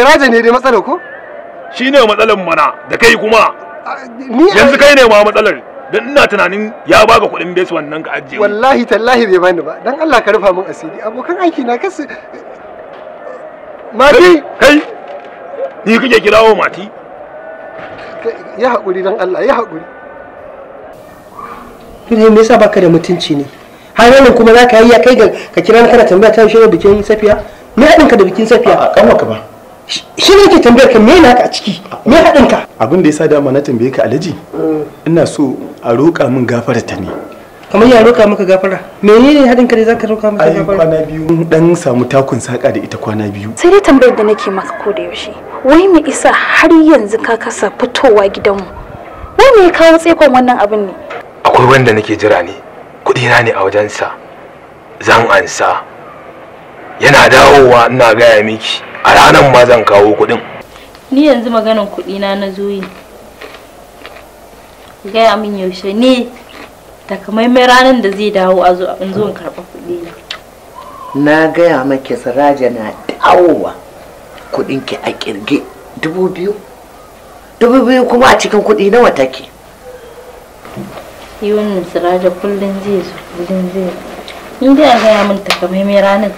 siraja ne dai matsalar ko shi ne matsalar mana da kai kuma yanzu kai ne ma matsalar dan ina tunanin ya ba ga kuɗin bes wannan ka ajiye wallahi tallahi bai bani ba dan Allah ka rufa min asiri abokan aiki na kasu mati kai ni kike kirawo mati ya haƙuri dan Allah ya haƙuri ne me yasa baka da mutunci ne hanyar kuma za ka yi ya kai ga ka kira kana tambaya ta shi bikin safiya me haɗin ka da bikin safiya a ka ba shi ne ke tambayar ka me na ka a ciki me haɗin ka abin da ya sa dama na tambaye ka alhaji ina so a roƙa min gafara ta ne kamar ya roƙa maka gafara menene haɗin ka da zaka roƙa maka gafara ai kwana biyu dan samu takun saka da ita kwana biyu sai dai tambayar da nake maka ko da yaushe wai me isa har yanzu ka kasa fitowa gidanmu wai me ya kawo tsekon wannan abin ne akwai wanda nake jira ne Kuɗina na ne a wajensa zan ansa yana dawowa ina gaya miki a ranar ma zan kawo kuɗin ni yanzu maganin kuɗi na na zo yi gaya min yaushe ne takamaimai ranar da zai dawo a zo in zo in karɓa kuɗi na gaya maki siraja na dawowa ki a kirge dubu biyu dubu biyu kuma a cikin kuɗi nawa take wannan siraja kullum zai zo kullum zai zo ni dai a gaya min takamai mai ranar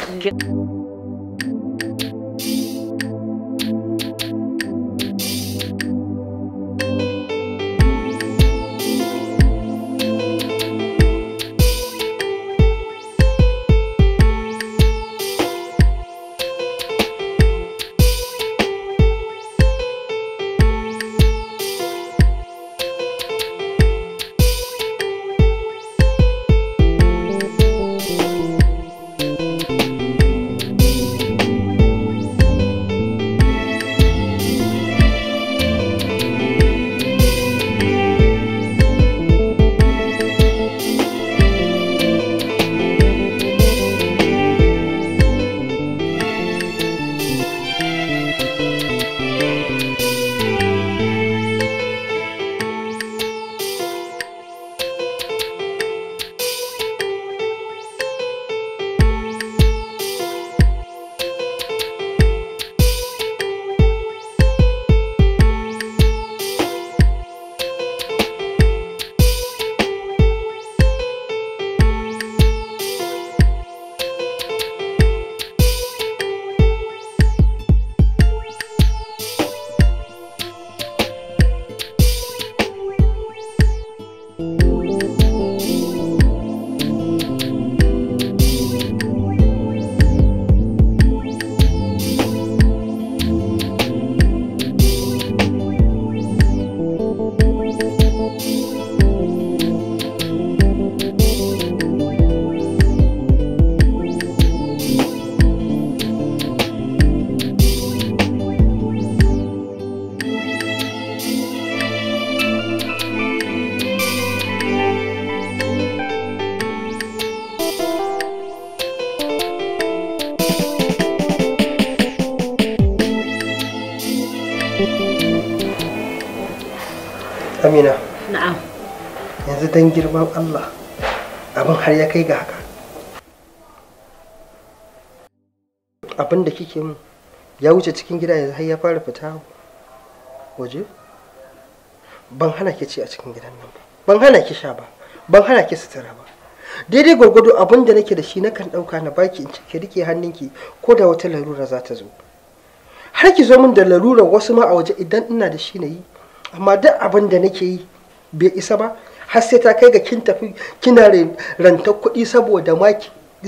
dan girman Allah abin har ya kai ga haka abin da kike mu ya wuce cikin gida yanzu har ya fara fita waje ban hana ki ci a cikin gidan nan ba ban hana ki sha ba ban hana ki sutura ba daidai gwargwado abin da nake da shi na kan ɗauka na baki in ki rike hannunki ko da wata larura za ta zo har ki zo min da larurar wasu ma a waje idan ina da shi na yi amma duk abin da nake yi bai isa ba har sai ta kai ga kin tafi kina rantar kuɗi saboda ma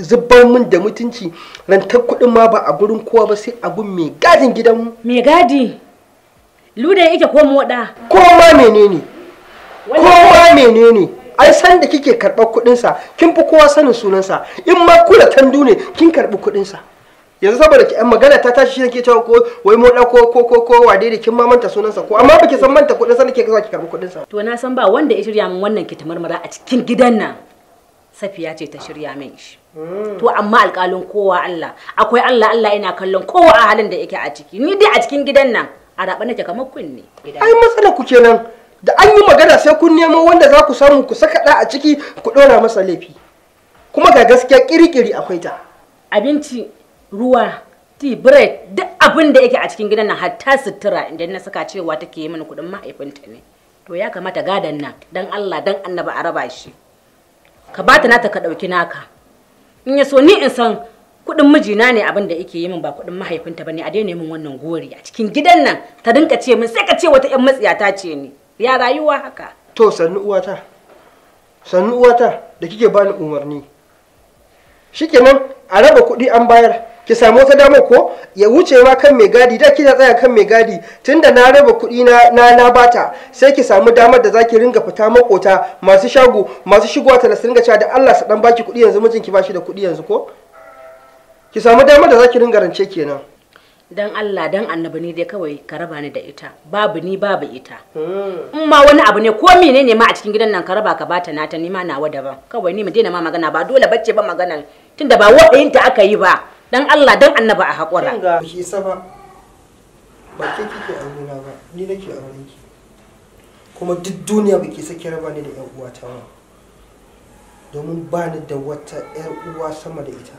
zubban min da mutunci rantar kuɗin ma ba a gurin kowa ba sai a gun mai gadin gidanmu. Mai gadi? ya yake ko moɗa? Kowa menene? Kowa menene? Ai san da kike karɓar kuɗinsa, kin fi kowa sanin sunansa, in ma kula tandu ne kin karɓi kuɗinsa. yanzu saboda ki magana ta tashi shine ke cewa ko wai mu dauko ko ko ko wade da kin ma manta sunansa ko amma baki san manta kudin sa ke kasa ki karbi kudin sa to na san ba wanda ya shirya min wannan ki marmara a cikin gidan nan safiya ce ta shirya min shi hmm. to amma alƙalin kowa Allah akwai Allah Allah ina kallon kowa a halin da yake a ciki ni dai a cikin gidan nan a raba nake kamar kunne ai matsala ku kenan da an yi magana sai kun nemo wanda za ku samu ku saka da a ciki ku dora masa laifi kuma ga gaskiya kirikiri akwai ta abinci ruwa ti bread duk abin da yake a cikin gidan nan hatta sutura idan na saka cewa take yi mini kuɗin mahaifinta ne to ya kamata gadan nan dan Allah dan annaba a raba shi ka bata nata ka ɗauki naka in ya so ni in san kuɗin mijina ne abin da yake yi min ba kuɗin mahaifinta bane ne a daina min wannan gori a cikin gidan nan ta dinka ce min sai ka ce wata 'yan ta ce ni ya rayuwa haka to sannu uwata sannu uwata da kike bani umarni shikenan a raba kuɗi an bayar ki samu wata damar ko ya wuce ma kan mai gadi da kina tsaya kan mai gadi tunda na raba kuɗi na na bata sai ki samu damar da zaki ringa fita makota masu shago masu shigowa ta ringa cewa da Allah su dan baki kuɗi yanzu mijinki bashi da kuɗi yanzu ko ki samu damar da zaki ringa rance kenan dan Allah dan annabi ne dai kawai ka raba ni da ita babu ni babu ita hmm. in ma wani abu ne ko menene ma a cikin gidan nan ka raba ka bata nata ni ma nawa daban kawai ni mu daina ma magana ba dole bacce ba magana tunda ba wadayin ta aka yi ba dan Allah dan annaba a haƙura. Ba ki isa ba, ba ke kike aurena ba, ni nake auren ki. Kuma duk duniya ba ke sake raba ni da ƴan ta ba. Domin ba ni da wata ƴar uwa sama da ita.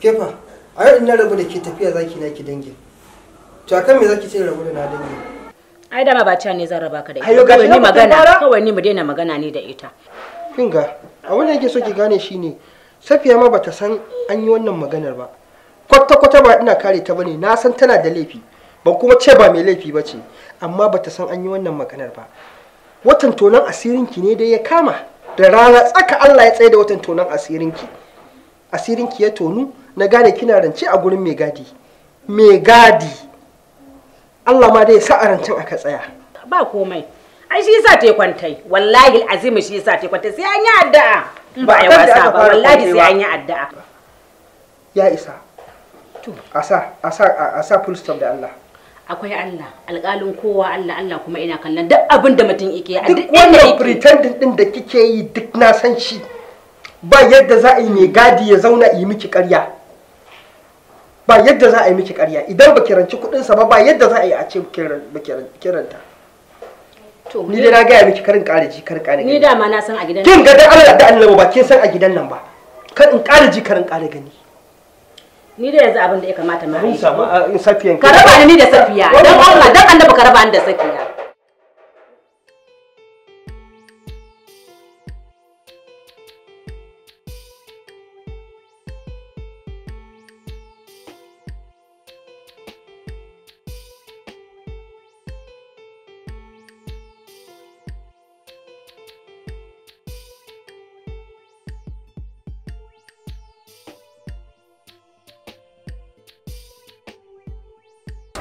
Kefa, a yau ina rabu da ke tafiya zaki na ki dangi. To a kan me zaki ce rabu da na dangi? Ai dama ba ta ne zan raba ka da ita. Kawai ni magana, kawai ni mu daina magana ni da ita. Kinga, a wannan yake so ki gane shine safiya ma bata san an yi wannan maganar ba kwata-kwata ba ina kare ta bane na san tana da laifi Ba kuma ce ba mai laifi ba ce amma bata san an yi wannan maganar ba watan tonon asirinki ne dai ya kama da rana tsaka Allah ya tsaye da watan tonon asirinki asirinki ya tonu na gane kina rance a gurin mai gadi mai gadi Allah ma dai sa a rancen aka tsaya ba komai ai shi yasa yi kwantai wallahi azimi shi yasa yi kwantai sai an yi addu'a in ba a yi wasa ba wallahi sai an yi addu'a ya isa a sa a sa a sa full stop da Allah akwai Allah alƙalin kowa Allah Allah kuma ina kallon duk abin da mutum yake a duk inda pretending din da kike yi duk na san shi ba yadda za a yi mai gadi ya zauna yi miki ƙarya ba yadda za a yi miki ƙarya idan ba kiranci kuɗinsa ba ba yadda za a yi a ce ranta. ni dai na gaya miki karin ƙara ji karin ƙara ni da ma na san a gidan kin ga dan Allah da Allah ba kin san a gidan nan ba kar in ƙara ji karin ƙara gani ni da yanzu abin da ya kamata ma Mun samu safiyan ka raba ni da safiya dan Allah dan Allah ka raba ni da safiya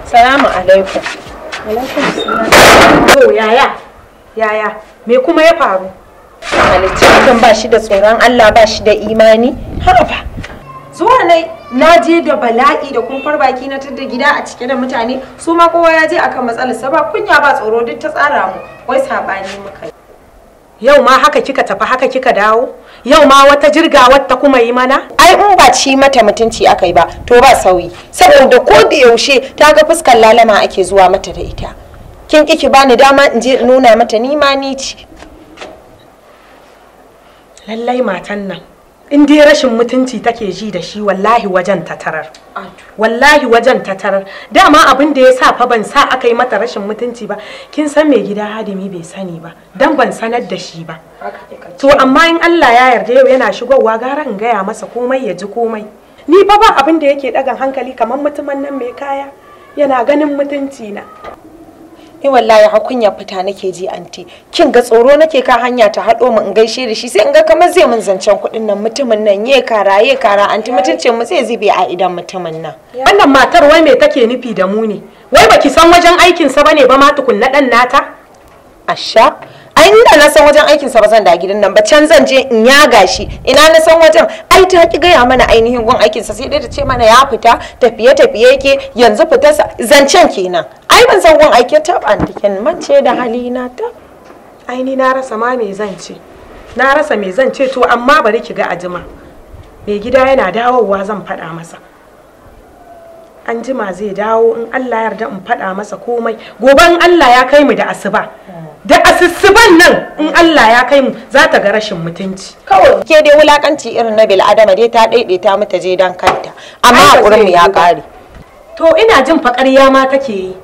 Salamu alaikum. Alaikum salam. yaya? Yaya? Me kuma ya faru? Halittu ba shi da tsoron Allah ba shi da imani. Haba. Zuwa nai na je da bala'i da kumfar baki na tadda gida a cike da mutane su ma kowa ya je akan matsalar sa ba kunya ba tsoro duk ta tsara mu wai sabani muka yau ma haka kika tafi haka kika dawo yau ma wata jirga wata kuma yi mana ai in ba ci mata mutunci aka yi ba to ba sauyi saboda ko da yaushe ta ga fuskar lalama ake zuwa mata da ita kin ki bani dama in je nuna mata ni ma ni ci lallai matan nan in dai rashin mutunci take ji da shi wallahi wajen tatarar wallahi wajen tatarar dama abin da ya sa fa ban sa aka yi mata rashin mutunci ba kin san mai gida hadimi bai sani ba dan ban sanar da shi ba to amma in Allah ya yarda yau yana shigowa gara in gaya masa komai ya ji komai ni fa ba abin da yake dagan hankali kamar mutumin nan mai kaya yana ganin mutunci na ni wallahi ha kunya fita nake ji anti kin ga tsoro nake ka hanya ta haɗo mu in gaishe da shi sai in ga kamar zai mun zancen kuɗin nan mutumin nan ye kara ye kara anti mutuncin mu sai zube a idan mutumin nan wannan matar wai me take nufi da mu ne wai baki san wajen aikin sa bane ba ma tukun na dan nata asha ai inda na san wajen aikin sa ba zan da gidan nan ba can zan je in ya gashi ina na san wajen ai ta ki gaya mana ainihin gun aikin sa sai dai ta ce mana ya fita tafiye tafiye yake yanzu fitarsa zancen kenan ai ban san wani aike tab an tikin mace da halina ta ai ni na rasa ma me zan ce na rasa me zan ce to amma bari ki ga ajima mai gida yana dawowa zan faɗa masa anjima zai dawo in Allah yarda in faɗa masa komai gobe in Allah ya kai mu da asuba da asusuban nan in Allah ya kai mu za ta ga rashin mutunci kawai ke dai wulakanci irin na bil adama dai ta daidaita mu ta je dan kanta amma hakurin mu ya kare to ina jin ya ma take yi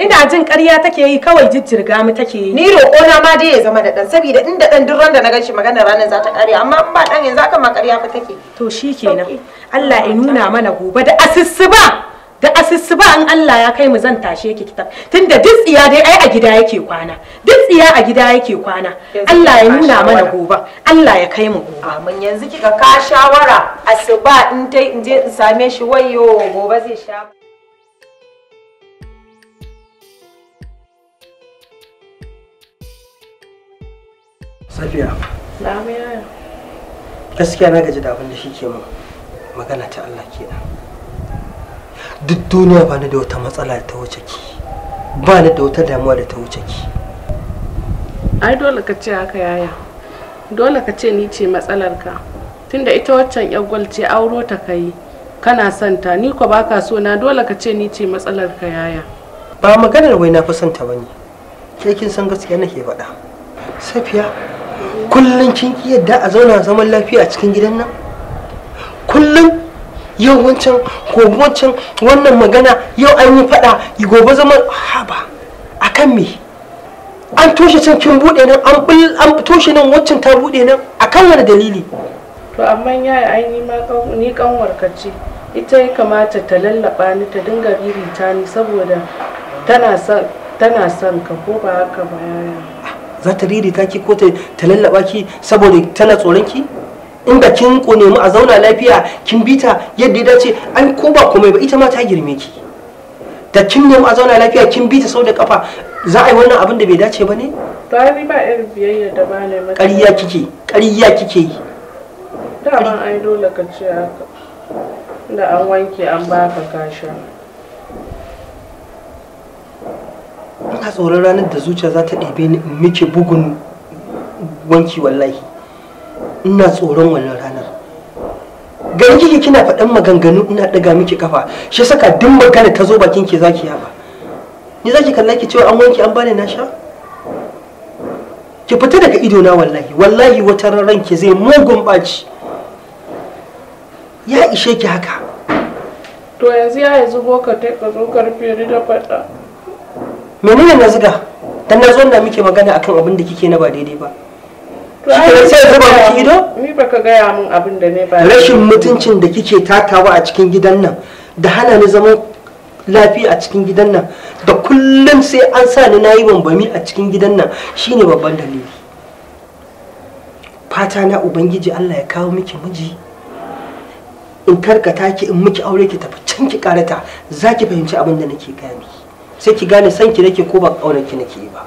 ina jin ƙarya take yi kawai jijjirga mu take yi ni na ma dai ya zama da ɗan saboda inda ɗan duk ran da na ganshi magana ranar za ta ƙarya amma in ba ɗan yanzu aka ma ƙarya fa take to shikenan Allah ya nuna mana gobe da asissuba da asissuba in Allah ya kai mu zan tashe ki kitab tunda duk tsiya dai ai a gida yake kwana duk tsiya a gida yake kwana Allah ya nuna mana gobe Allah ya kai mu gobe amma yanzu kika ka shawara asuba in tai in je in same shi wayo gobe zai sha Safiya. Gaskiya na gaji da abin da shi ke mun magana ta Allah kenan. Duk duniya ba ni da wata matsala da ta wuce ki. Ba ni da wata damuwa da ta wuce ki. Ai dole ka ce haka yaya. Dole ka ce ni ce matsalar ka. Tunda ita waccan yagwal ce auro ta kai. Kana son ta ni ko baka so na dole ka ce ni ce matsalar ka yaya. Ba maganar wai na fi son ta bane. Ke kin san gaskiya nake faɗa. Safiya kullum kin ki yadda a zauna zaman lafiya a cikin gidan nan kullum yau wancan gobe wancan wannan magana yau an yi fada gobe zama haba kan me an toshe can kin bude nan an toshe nan waccan ta bude nan akan wani dalili to amma yaya an yi ma ni kanwarka ce ita ya kamata ta lallaba ni ta dinga ririta ni saboda tana son ka ko ba haka ba yaya za ta ririta ki ko ta lallaba ki saboda tana tsoron ki In inda kin ko nemi a zauna lafiya kin bita yadda ya dace an ko ba komai ba ita ma ta girme ki da kin nemi a zauna lafiya kin bita sau da kafa za a yi wannan abin da bai dace ba ne ba irin biyayya da ba ne ƙarya kike ƙarya kike yi daman ai dole ka ce haka da an wanke an baka kasha ina tsoron ranar da zuciya za ta ɗebe ni in miki bugun wanki wallahi ina tsoron wannan ranar gani kike kina faɗan maganganu ina ɗaga miki kafa shi saka duk magana ta zo bakin ki zaki yaba ni zaki kalla ki cewa an wanki an bani na sha ki fita daga ido na wallahi wallahi wata ranar ki zai mugun ɓaci ya ishe ki haka to yanzu ya yanzu boka ta ka zo karfe da faɗa menene na ziga dan na zo muke magana akan abin da kike na ba daidai ba shi sai zuba miki ido ni gaya min abin da ne ba rashin mutuncin da kike takawa a cikin gidan nan da hana ni zaman lafiya a cikin gidan nan da kullum sai an sa ni nayi bambami a cikin gidan nan shine babban dalili fata na ubangiji Allah ya kawo miki miji in karkata ki in miki aure ki tafi can ki karata zaki fahimci abin da nake gani sai ki gane san ki nake ko ba kaunar ki nake ba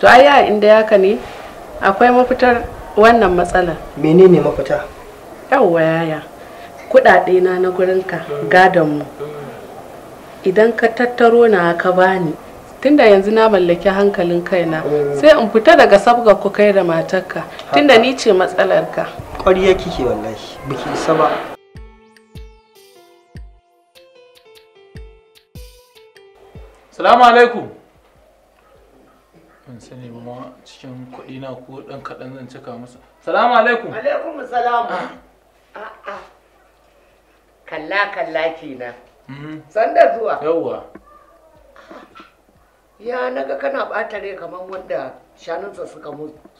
to ai ya inda ne akwai mafitar wannan matsalar menene mafita yawwa yaya kudade na na gurinka mm. gadon mu mm. idan ka tattaro na ka bani tunda yanzu na mallaki hankalin kaina mm. sai in fita daga sabga ku kai da matarka tunda ni ce matsalarka kwariya kike wallahi biki isa ba salamu alaikum ban sani ba ma cikin kuɗi na ko ɗan kaɗan zan cika masa salamu alaikum alaikum salamu a'a ah. ah, ah. kalla kalla kenan mm-hmm. sanda zuwa yauwa ya naga kana ɓata rai kamar wanda shanunsa suka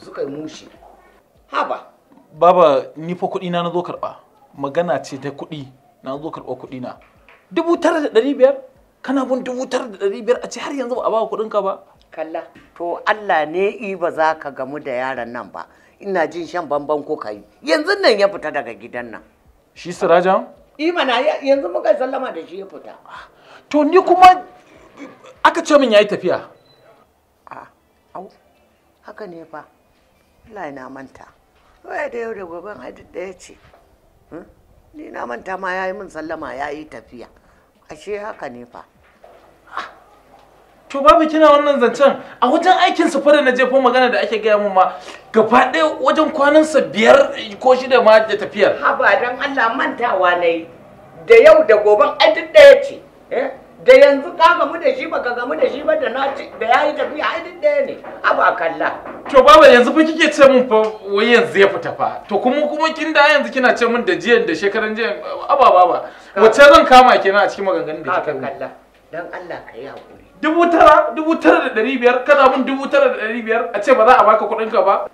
suka yi mushi haba baba ni fa kuɗi na na zo karɓa magana ce ta kuɗi na zo karɓa kuɗi na dubu tara da ɗari biyar kana bin dubu tara da ɗari biyar a ce har yanzu ba a ba kuɗin ka ba kalla to Allah ne i ba za ka gamu da yaran nan ba ina jin shan bamban ko kayi yanzu nan ya fita daga gidan nan shi sirajan ima na yanzu muka sallama da shi ya fita to ni kuma aka ce min yayi tafiya a au haka ne fa Allah na manta wai da yau da goben da ya ce hm? ni na manta ma yayi min sallama yayi tafiya ashe haka ne fa to babu kina wannan zancen a wajen aikin su da na jefo magana da ake gaya mun ma gaba ɗaya wajen kwanan sa biyar ko shida ma da tafiyar ha ba dan Allah mantawa nayi da yau da goben ai duk ɗaya ce eh? da yanzu ka gamu da shi baka gamu da shi ba da na da yayi tafiya ai duk ɗaya ne ha ba kalla to baba yanzu fa kike ce mun fa wai yanzu ya fita fa to kuma kuma kin da yanzu kina ce mun da jiya da shekaran jiya aba baba wace zan kama kina a cikin maganganun da kika kalla dan Allah ka yi hakuri dubu tara dubu tara da ɗari biyar kana bin dubu tara da ɗari biyar a ce ba za a baka kuɗin ka ba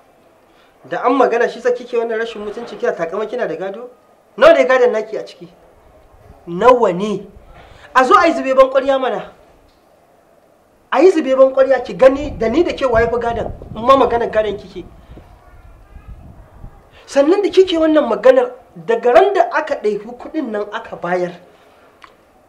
da an magana shi sa kike wannan rashin mutunci kina takama kina da gado nawa ne gadon naki a ciki nawa ne a zo a yi zube ban ƙwarya mana a yi zube ban ƙwarya ki gani da ni da ke waye fi gadon in ma maganar gadon kike sannan da kike wannan maganar daga ran da aka ɗaifi kuɗin nan aka bayar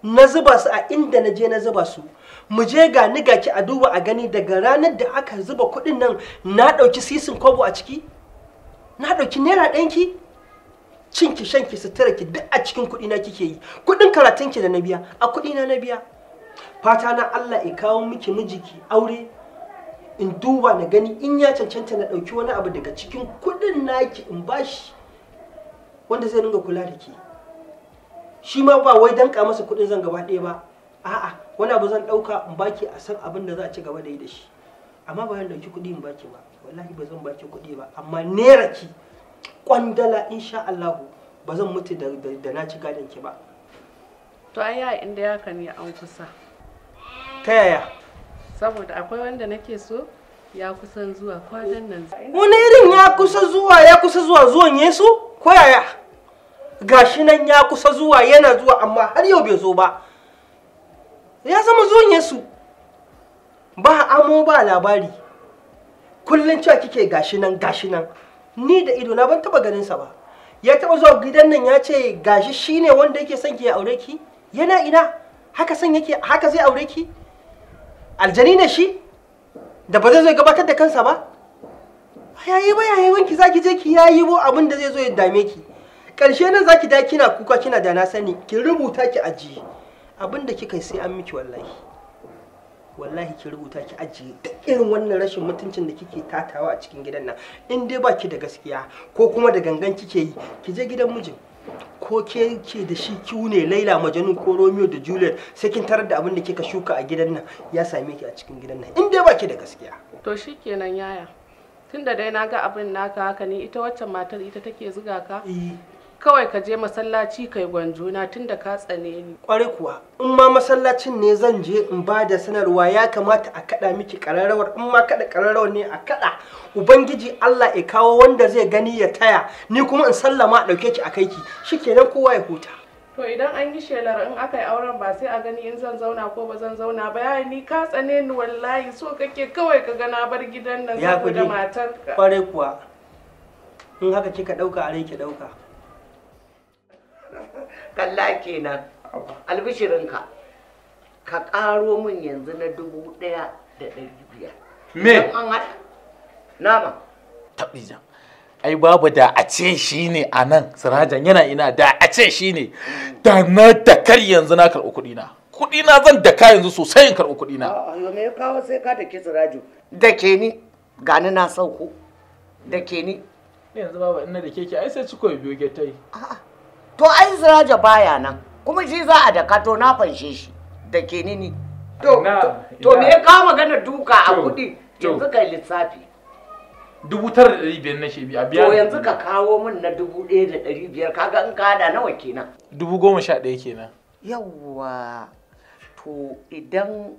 na zuba su a inda na je na zuba su mu je ga ni ga ki a duba a gani daga ranar da aka zuba kuɗin nan na ɗauki sisin kobo a ciki na ɗauki naira ɗanki cinki shanki sutura ki duk a cikin kuɗi na kike yi kuɗin karatun ki da na biya a kuɗi na na biya fata na Allah ya kawo miki miji ki aure in duba na gani in ya cancanta na ɗauki wani abu daga cikin kuɗin naki in bashi wanda zai dinga kula da ki. shi ma ba wai danka masa kuɗin zan gaba ɗaya ba a'a wani abu zan ɗauka in baki a san abin da za a ci gaba da yi da shi amma ba zan ɗauki kuɗi in baki ba wallahi ba zan baki kuɗi ba amma nera ki kwandala insha Allah ba zan mutu da na ci gadon ki ba to ai ya inda ya kan an kusa ta yaya saboda akwai wanda nake so ya kusan zuwa kwadan nan wani irin ya kusa zuwa ya kusa zuwa zuwan yesu ko yaya gashi nan ya kusa zuwa yana zuwa amma har yau bai zo ba ya zama zuwan yesu ba amo ba labari kullum cewa kike gashi nan gashi nan ni da ido na ban taba ganin sa ba ya taba zuwa gidan nan ya ce gashi shine wanda yake son ki aure ki yana ina haka son yake haka zai aure ki aljani ne shi da ba zai zo gabatar da kansa ba yayi ba yayi wanki zaki je ki yayi bo abin da zai zo ya dame ki karshe nan zaki da kina kuka kina da na sani ki rubuta ki ajiye abin da kika sai an miki wallahi wallahi ki rubuta ki ajiye duk irin wannan rashin mutuncin da kike tatawa a cikin gidan nan in dai baki da gaskiya ko kuma da gangan kike yi ki je gidan mijin ko ke ke da shi kiwu ne laila majanu ko romeo da juliet sai kin tarar da abin da kika shuka a gidan nan ya same ki a cikin gidan nan in dai baki da gaskiya to shikenan yaya tunda dai na ga abin naka haka ne ita wacce matar ita take zuga ka eh. kawai ka je masallaci kai gwanjuna tunda ka tsane ni kwarai kuwa in ma masallacin ne zan je in ba da sanarwa ya kamata a kaɗa miki kararrawar in ma kada kararrawar ne a kada ubangiji Allah ya kawo wanda zai gani ya taya ni kuma in sallama a ɗauke ki a kai ki shikenan kowa ya huta to idan an yi shelar in aka yi auren ba sai a gani in zan zauna ko ba zan zauna ba yayi ni ka tsane ni wallahi so kake kawai ka gana bar gidan nan saboda matarka kwarai kuwa in haka kika ɗauka a rai ki dauka kalla kenan albishirinka ka karo min yanzu na dubu ɗaya da ɗari biyar me an haɗa nama taɓijan ai babu da a ce shi ne a nan sirajan yana ina da a ce shi ne da na dakar yanzu na karɓi kuɗi na kuɗi na zan daka yanzu sosai in karɓi kuɗi na yo me kawo sai ka dake sirajo da ke ni gani na sauko da ke ni yanzu babu ina da keke ai sai ciko biyo getai a'a to ai siraja baya nan kuma shi za a daka to na fanshe shi da ke nini to to me ya kawo magana duka a kudi yanzu kai lissafi dubu tara da ɗari biyar na shi biya biya to yanzu ka kawo min na dubu ɗaya da ɗari biyar kaga in ka haɗa nawa kenan dubu goma sha ɗaya kenan yawwa to idan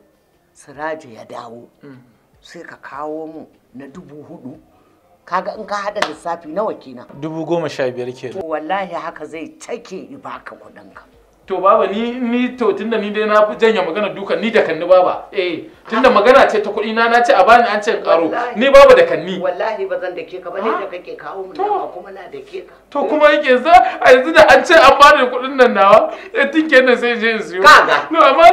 siraja ya dawo mm. sai ka kawo mu na dubu hudu kaga in ka hada lissafi nawa kenan dubu goma sha biyar kenan wallahi haka zai take i baka kudin ka to baba ni ni to tunda ni dai na janya magana dukan ni da kanni baba eh tunda magana ce ta kuɗi na na ce a bani an ce karo ni baba da kanni wallahi ba zan da ke ka ba ne ah. da kake kawo mun ba kuma na da ke ka to kuma yake za a yanzu da an ce an bani kuɗin nan nawa eh tinke nan sai je in kaga no amma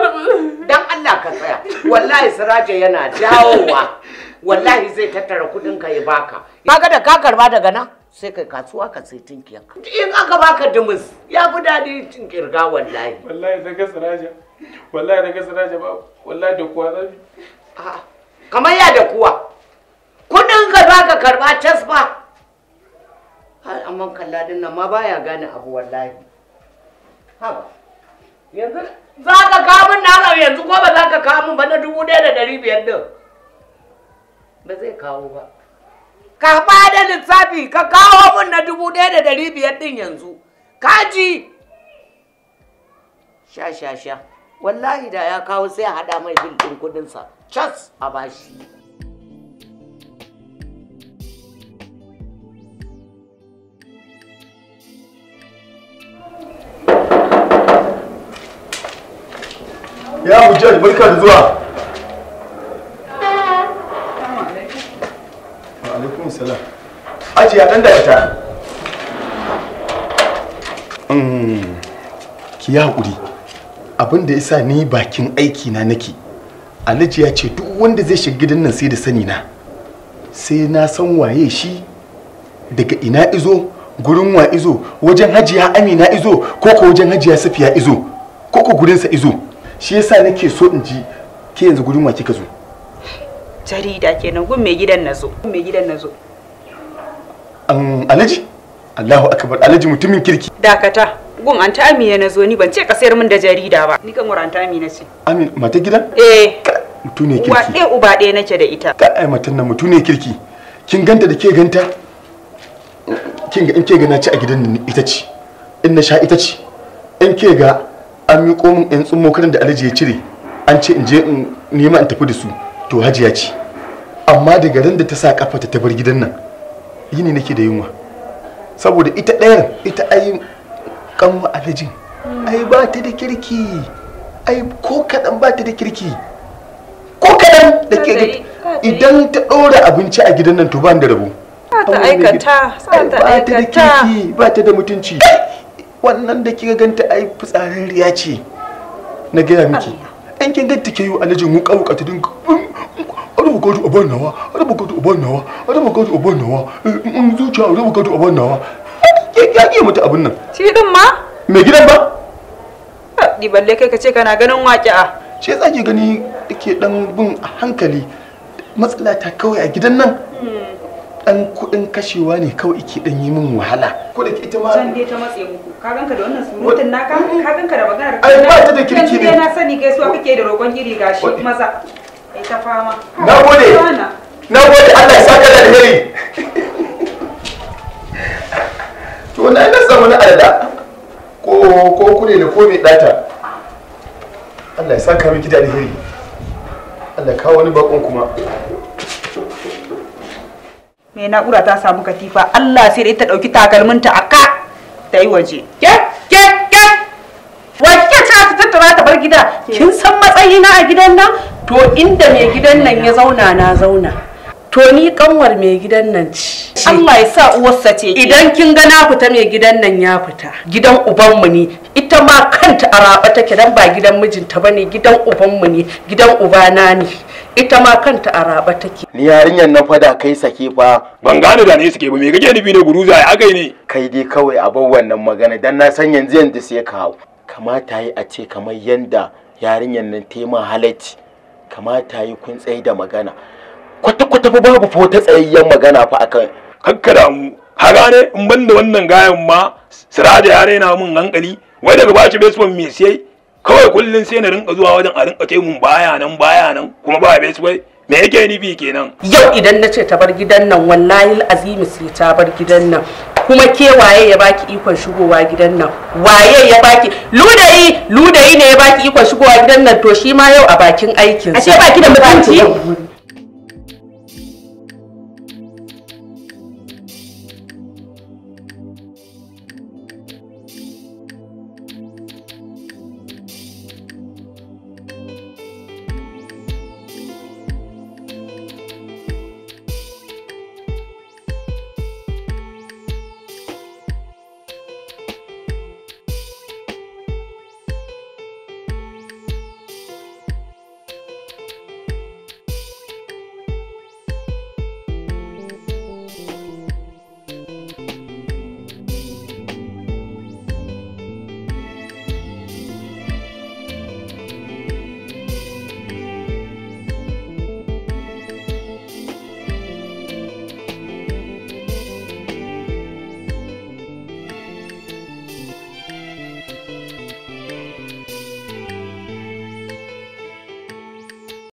dan Allah ka tsaya wallahi sirajin yana dawowa wallahi zai tattara kudin ka ya baka kaga da ka karba daga nan sai kai kasuwa ka sai tinkiyar ka in aka baka dumus ya fi daɗi tinkirga wallahi wallahi ga siraja wallahi ga siraja ba wallahi da kuwa zabi kamar ya da kuwa kudin ka za ka karba cas ba amma kalladin nan ma baya gane abu wallahi yanzu za ka kawo min na yanzu ko ba za ka kawo min ba na dubu ɗaya da ɗari biyar din ba zai kawo ba ka ba da lissafi ka kawo mun na dubu ɗaya da ɗari biyar ɗin yanzu kaji sha sha sha wallahi da ya kawo sai a haɗa mai bil ɗin kuɗinsa cas a bashi Ya Mujal, barka da zuwa. lafiya dan da ita umm, ki ya haƙuri abin da yasa ni bakin aiki na nake alhaji ya ce duk wanda zai shiga gidan nan sai da sani na sai na san waye shi daga ina izo gurin wa izo wajen hajiya amina izo ko ko wajen hajiya safiya izo ko ko gurinsa izo shi yasa nake so in ji ke yanzu gurin wa kika zo jarida kenan gun mai gidan nazo gun mai gidan nazo alaji Allahu akbar alaji mutumin kirki dakata gun an ta amina na zo ni ban ce ka sayar min da jarida ba ni kan wurin ta amina ce amin mata gidan eh mutu ne kirki wa dai uba dai nake da ita ka ai matan nan mutu ne kirki kin ganta da ke ganta kin ga in ke gana ci a gidan nan ita ce in na sha ita ce in ke ga an miƙo min in tsummo karin da alaji ya cire an ce in je in nema in tafi da su to hajiya ce amma daga ran da ta sa kafa ta bar gidan nan yini nake da yunwa saboda ita ɗayan ita ai kanwa alajin ai ba ta da kirki ai ko kaɗan ba ta da kirki ko kaɗan da kirki idan ta ɗora abinci a gidan nan to ba da rabo ta aikata ba ta da kirki ba ta da mutunci wannan da kika ganta ai fitsarin riya ce na gaya miki ɗan kin ganta ke yi alajin wuka wuka ta dinga bukatu abin nawa ana bukatu abin nawa ana bukatu abin nawa eh, in zuciya ana bukatu abin nawa ya iya mata abin nan shi din ma mai gidan ba di balle kai ka ce kana ganin waƙi'a shi yasa ke gani ke dan bin a hankali matsala ta kawai a gidan nan dan hmm. kudin kashewa ne kawai ke dan yi min wahala ko da ita ma zan dai ta matse muku ka ganka da wannan surutun naka ka ganka da maganar ai ba ta da kirki ne na sani kake da roƙon iri gashi maza na gode na gode Allah ya saka da alheri to na ina samu na alada ko ko kune ne ko mai data Allah ya saka miki da alheri Allah kawo wani bakon kuma me na'ura ta samu katifa Allah sai da ita ɗauki takalminta a ka ta yi waje ke ke ke wace ce ta tattara ta bar gida kin san matsayina a gidan nan to inda mai gidan nan ya zauna na zauna to ni kanwar mai gidan nan ci Allah ya sa uwarsa ce eh. idan kin ga na fita mai gidan nan ya fita gidan ubanmu ne ita ma kanta a raba take dan ba gidan mijinta bane gidan ubanmu ne gidan ubana ne ita ma kanta a raba take ni yarinyar na fada kai sake fa ban gane da ne suke ba me kake nufi ne guruza ya kai ne kai dai kawai a bar wannan magana dan na san yanzu yanzu sai ka hau kamata yi a ce kamar yanda yarinyar nan ta yi halacci kamata yi kun tsaye da magana kwata-kwata fa babu fa wata tsayayyen magana fa akan kankara mu haga ne in banda wannan gayan ma sirada ya raina mun hankali wai daga baci baseball me sai kawai kullun sai na rinka zuwa wajen a rinka ce mun baya nan baya nan kuma ba baseball me yake nufi kenan yau idan na ce ta bar gidan nan wallahi azimi sai ta bar gidan nan kuma ke waye ya baki ikon shigowa gidan nan waye ya baki ludayi ludayi ne ya baki ikon shigowa gidan nan to shi ma yau a bakin aikin a ce baki da mutunci